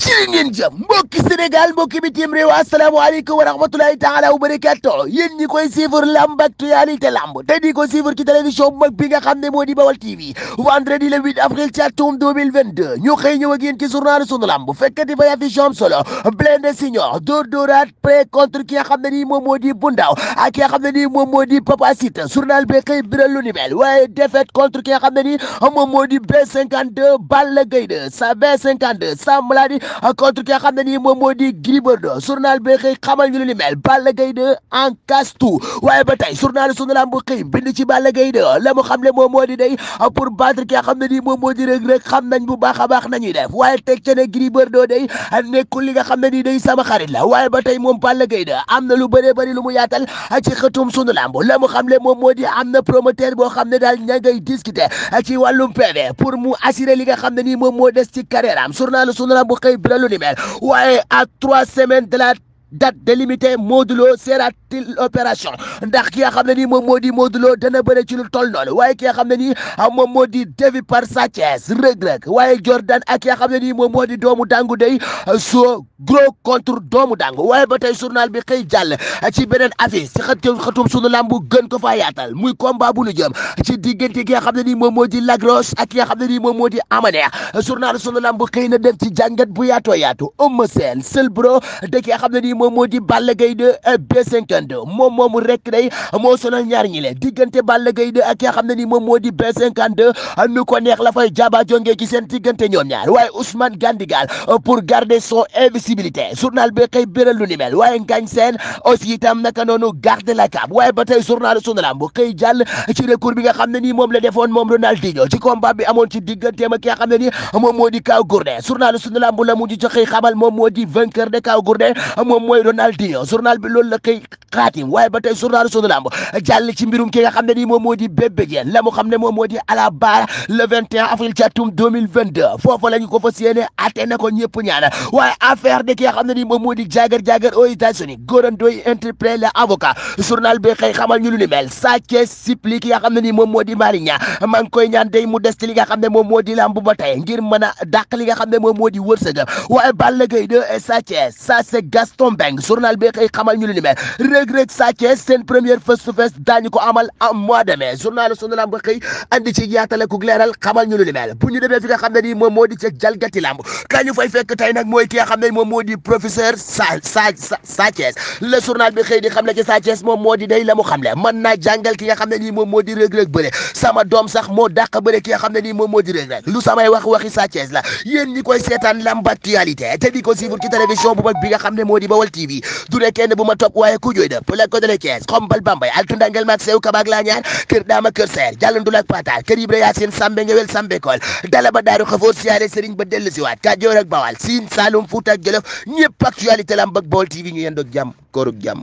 ci li ngeen jëm mbokki Sénégal mbokki bitim réew asalaamaaleykum wa rahmatulahi taala wa barakaatu yéen ñi koy suivre lamb actualité lamb te di ko suivre ci télévision bu mag bi nga xam ne moo di Bawal TV vendredi le 8 avril ci atum 2022 ñu xëy ñëw ak yéen ci journal lamb fekkati fay affiche solo Blindé Senior dóor dóoraat pré contre ki nga xam ne nii moom moo di Bundaw ak ki nga xam ne nii moom moo di Papa Site journal bi xëy biral lu ni mel waaye moo di B52 Balla Gaye contre ki nga xam ne nii moom moo di Gris Bordeaux journal xam xëy xamal ñu lu ni mel Balla Gaye 2 en casse tout waaye ba tey journal sunu lamb bu xëy bind ci Balla Gaye 2 la mu xam ne moom moo di day pour battre ki nga xam ne nii moom moo di Reug Reug xam na bu baax a baax nañuy def waaye teg ca ne Gris Bordeaux day li nga xam ne nii day sama xarit la waaye ba tey moom Balla Gaye 2 am na lu bëree bëri lu mu yaatal ci xëtum sunu lamb la mu xam ne moom moo di am na promoteur boo xam ne daal ña ngay discuter ci pour mu assurer li nga xam ne nii moom moo des ci carrière am journal sunu lamb bu xëy bi la lu ni mel waaye à trois semaines de la date délimitée Modou Lo sera-t-il opération ndax ki nga xam ne ni moom moo di Modou Lo dana bëre ci lu toll noonu waaye ki nga xam ne ni ah, moom moo di défi par Sa Thiès rëg waaye Jordan ak ki a xam ne nii moom moo di doomu dangu day ah, so gros contre doomu dangu waaye ba tey journal bi xëy jàll ah, ci beneen affiche si xat xatum sunu lambu gën ko faa yaatal muy combat bu nu jëm ci diggante ki nga xam ne nii moom moo di Lagros ak ki nga xam ne nii moom moo di Amaneex journal sunu lambu xëy na def ci jàngat bu yaatoo yaatu Eumeu Sène moom moo di Balla Gaye 2 B52 moom moomu rek day moo sonal ñaar ñi diggante Balla Gaye 2 ak xam ne ni moom moo di B52 nu neex la fay jaaba jonge ci seen diggante ñoom ñaar waaye Ousmane Gandigal pour garder son invisibilité journal bi xëy béral lu ni mel waaye Ngagne Sène aussi itam naka noonu la cape waaye ba tey journal sunu lamb xëy jàll ci recours bi nga xam ne ni moom la defoon moom Ronaldinho ci combat ci digganteem ak ki nga xam ne ni mooy Ronaldinho journal bi loolu la xëy xaatim waaye ba tey journal sunu lamb jàll ci mbirum ki nga xam ne nii moom moo di Bébé Diène ne moom moo la barre le 21 avril ci ko fa séene ate ko ñëpp ñaana waaye affaire de ki nga ne nii moom moo di jagar jagar aux États-Unis góorandooy la avocat journal bi xëy xamal ñu ni mel sàcce sipli ki koy ñaan day mu des ci li ne moom moo di ngir mën a dàq li Mbengue journal bi xëy xamal ñu li ni mel rëg-rëg Sa Thiès ko amal en de mai journal sunu lamb xëy andi ci yaatale ku xamal ñu li ni mel bu xam ne nii moom moo di ceg jalgati lamb ka ñu fay fekk xam le ci Sa Thiès moom di day la mu xam le mën naa jàngal ki nga xam ne nii moom moo di rëg bëre sama doom sax moo dàq bëre ki nga xam ne nii moom moo di rëg lu samay wax waxi Sa Thiès la yéen koy seetaan lamb actualité People TV du ne kenn bu ma topp waaye ku jooy da pël ak kodale Thiès xombal bambay altundangel maak sew kabaak laa ñaar kër daama kër seer jàllandul ak pataar kër Ibra Yaasin sambe ngewel sambe kool dala ba daaru xafoor siyaare sëriñ ba dellu siwaat ka ak Bawal Siin Saalum Fuuta ak Jolof ñëpp actualité lamb ak TV ñu yendoog jàmm koorug jàmm